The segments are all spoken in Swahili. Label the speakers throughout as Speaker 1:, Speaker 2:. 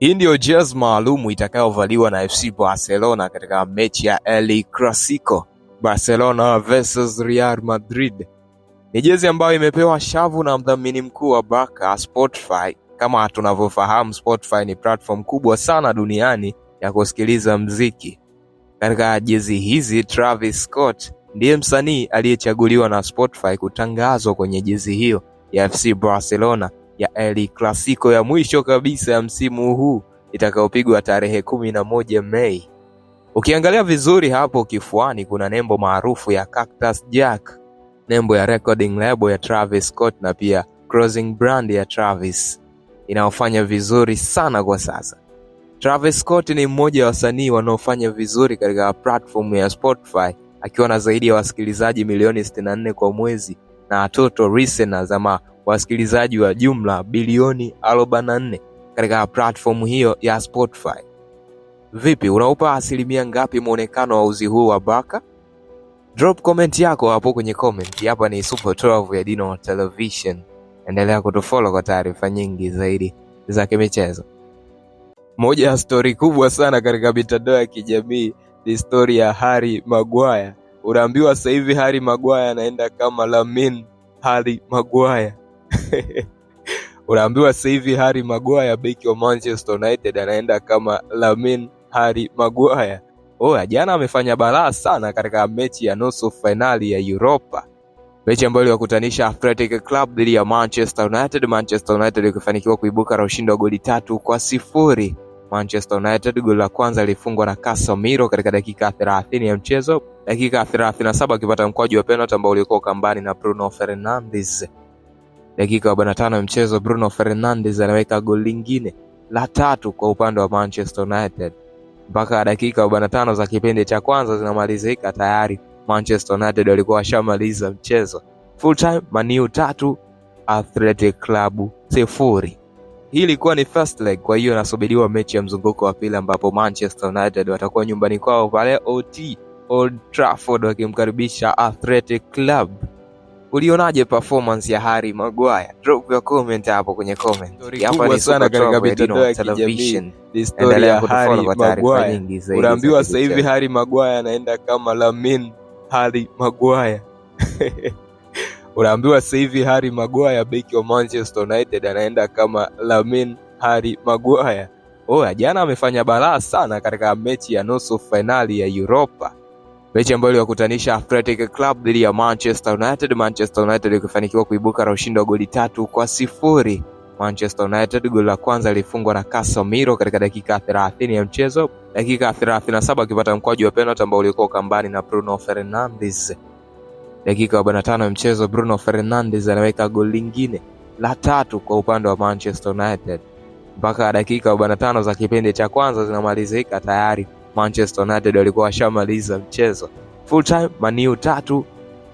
Speaker 1: Hii ndiyo jezi maalum itakayovaliwa na FC Barcelona katika mechi ya El Clasico, Barcelona vs Real Madrid. Ni jezi ambayo imepewa shavu na mdhamini mkuu wa Barca, Spotify. Kama tunavyofahamu, Spotify ni platform kubwa sana duniani ya kusikiliza mziki. Katika jezi hizi, Travis Scott ndiye msanii aliyechaguliwa na Spotify kutangazwa kwenye jezi hiyo ya FC Barcelona ya El Clasico ya mwisho kabisa ya msimu huu itakayopigwa tarehe kumi na moja Mei. Ukiangalia vizuri hapo kifuani kuna nembo maarufu ya Cactus Jack, nembo ya recording label ya Travis Scott na pia Crossing brand ya Travis inayofanya vizuri sana kwa sasa. Travis Scott ni mmoja wa wasanii wanaofanya vizuri katika platform ya Spotify akiwa na zaidi ya wasikilizaji milioni 64 kwa mwezi na watoto listeners ama wasikilizaji wa jumla bilioni 44 katika platform hiyo ya Spotify. Vipi, unaupa asilimia ngapi muonekano wa uzi huu wa Baka? Drop comment yako hapo kwenye comment. Hapa ni Super 12 ya Dino Television, endelea kutufollow kwa taarifa nyingi zaidi za kimichezo.
Speaker 2: Moja ya stori kubwa sana katika mitandao ya kijamii ni stori ya Harry Maguire. Unaambiwa sasa hivi Harry Maguire anaenda kama Lamin Harry Maguire. unaambiwa sasa hivi Harry Maguire beki wa Manchester United anaenda kama Lamin Harry Maguire. Oh, jana amefanya balaa sana katika mechi ya nusu fainali ya uropa mechi ambayo iliwakutanisha Athletic Club dhidi ya Manchester United, Manchester United ikifanikiwa kuibuka na ushindi wa goli tatu kwa sifuri. Manchester United goli la kwanza lilifungwa na Casemiro katika dakika 30 ya mchezo, dakika 37 akipata mkwaju wa penalty ambao ulikuwa ukambani na Bruno Fernandes. Dakika ya ya mchezo Bruno Fernandes anaweka goli lingine la tatu kwa upande wa Manchester United. Mpaka dakika 45 za kipindi cha kwanza zinamalizika tayari Manchester United walikuwa washamaliza mchezo. Full time Maniu tatu Athletic Club sifuri. Hii ilikuwa ni first leg, kwa hiyo nasubiriwa mechi ya mzunguko wa pili ambapo Manchester United watakuwa nyumbani kwao pale OT Old Trafford wakimkaribisha Athletic Club. Ulionaje performance ya Harry Maguire? Drop your comment hapo kwenye comment. Hapa ni sana katika mitandao ya television. Historia ya Harry Maguire. Unaambiwa sasa hivi Harry Maguire anaenda kama Lamin Harry Maguire. Unaambiwa sasa hivi Harry Maguire beki wa Manchester United anaenda kama Lamin Harry Maguire. Oh, jana amefanya balaa sana katika mechi ya nusu finali ya Europa mechi ambayo iliwakutanisha Athletic Club dhidi ya Manchester United, Manchester United ikifanikiwa kuibuka na ushindi wa goli tatu kwa sifuri. Manchester United goli la kwanza lilifungwa na Casemiro katika dakika 30 ya mchezo, dakika 37 akipata mkwaju wa penalty ambao ulikuwa kambani na Bruno Fernandes. Dakika 45 ya mchezo, Bruno Fernandes anaweka goli lingine la tatu kwa upande wa Manchester United. Mpaka dakika 45 za kipindi cha kwanza zinamalizika tayari Manchester United walikuwa washamaliza mchezo full time, Maniu tatu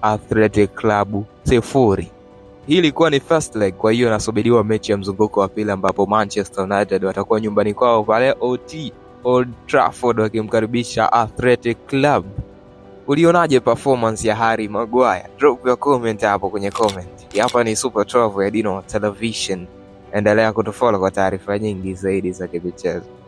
Speaker 2: Athletic Club sifuri. Hii ilikuwa ni first leg, kwa hiyo nasubiriwa mechi ya mzunguko wa pili ambapo Manchester United watakuwa nyumbani kwao pale OT Old Trafford wakimkaribisha Athletic Club. Ulionaje performance ya Harry Maguire? Drop your comment hapo kwenye comment. Hapa ni Super 12 ya Dino Television. Endelea kutufollow kwa taarifa nyingi zaidi za kimichezo.